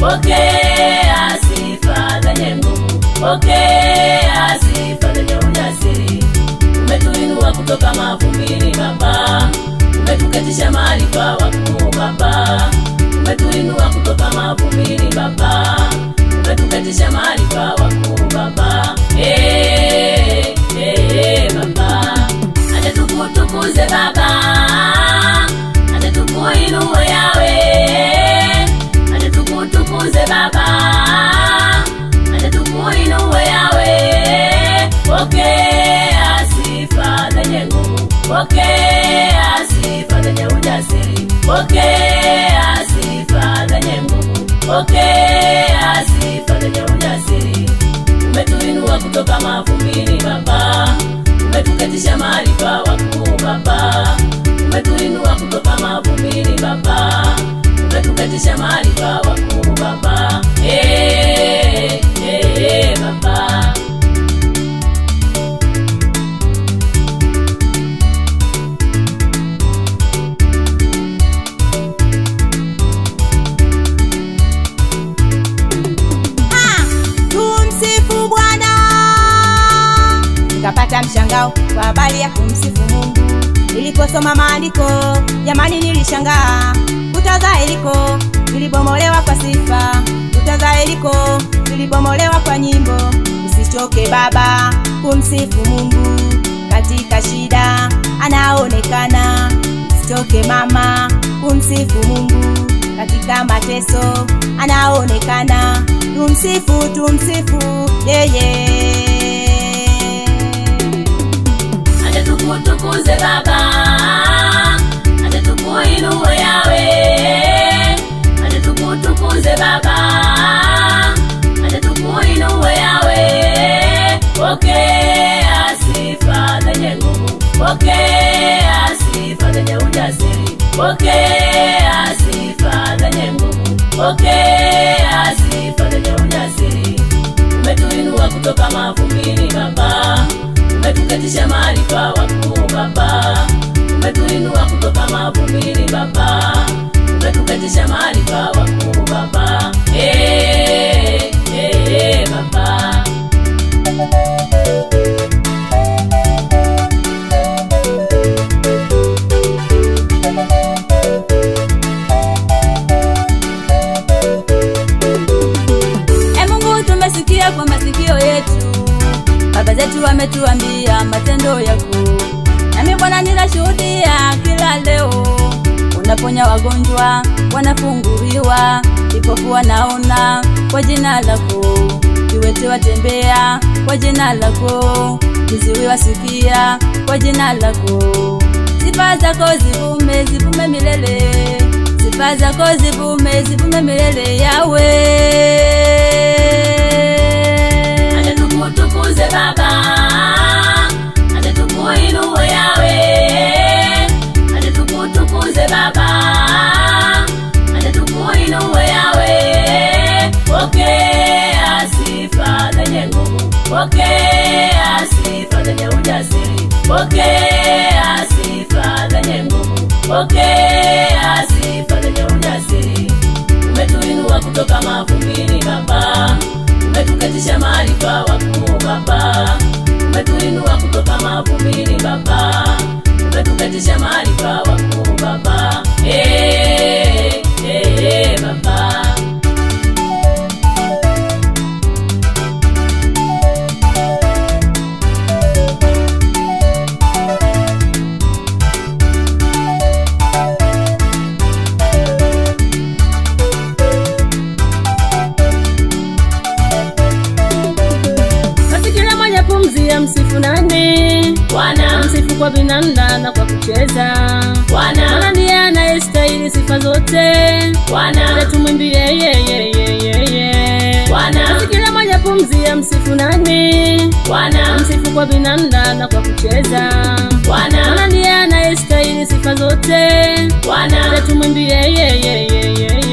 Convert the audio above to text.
Pokea sifa zenye nguvu, pokea sifa zenye ujasiri. Umetuinua kutoka mavumbini Baba, umetuketisha mahali pa wakuu Baba, umetuinua kutoka mavumbini Baba, umetuketisha mahali pa wakuu Baba, hey. Eh. Pokea sifa zenye nguvu, pokea sifa zenye ujasiri. Umetuinua kutoka mavumbini Baba, umetuketisha mahali pa wakuu Baba, umetuinua kutoka mavumbini Baba, umetuketisha mahali pa wakuu Baba. Hey, hey, hey, Baba hata mshangao kwa habari ya kumsifu Mungu. Niliposoma maandiko jamani, nilishangaa. Kuta za Yeriko zilibomolewa kwa sifa, kuta za Yeriko zilibomolewa kwa nyimbo. Usichoke baba kumsifu Mungu, katika shida anaonekana. Usichoke mama kumsifu Mungu, katika mateso anaonekana. Tumsifu, tumsifu yeye. tumtukuze Baba, acha yawe, Baba, acha yawe. Pokea sifa zenye nguvu, pokea sifa zenye ujasiri, pokea sifa zenye nguvu, pokea sifa zenye ujasiri. Umetuinua kutoka mavumbini Baba, umetuketisha mahali pa wakuu Baba, umetuinua kutoka mavumbini Baba, umetuketisha mahali pa wakuu Baba. Hey, eh, eh, hey, eh, hey, Baba kwa masikio yetu, baba zetu wametuambia matendo yako Bwana ninashuhudia kila leo, unaponya wagonjwa, wanafunguliwa, vipofu wanaona kwa jina lako, kiwete watembea kwa jina lako, kiziwi wasikia kwa jina lako. Sifa zako zivume, zivume milele, sifa zako zivume, zivume milele, Yawe. Baba. Pokea sifa zenye ujasiri, pokea sifa zenye nguvu, pokea sifa zenye ujasiri. Umetuinua kutoka mavumbini Baba. kucheza. Bwana ndiye anayestahili sifa zote, Bwana tumwimbie yeye yeye. Bwana kila moja pumzi ya msifu nani? Bwana msifu kwa binanda na kwa kucheza. Bwana ndiye anayestahili sifa zote, Bwana tumwimbie yeye yeye.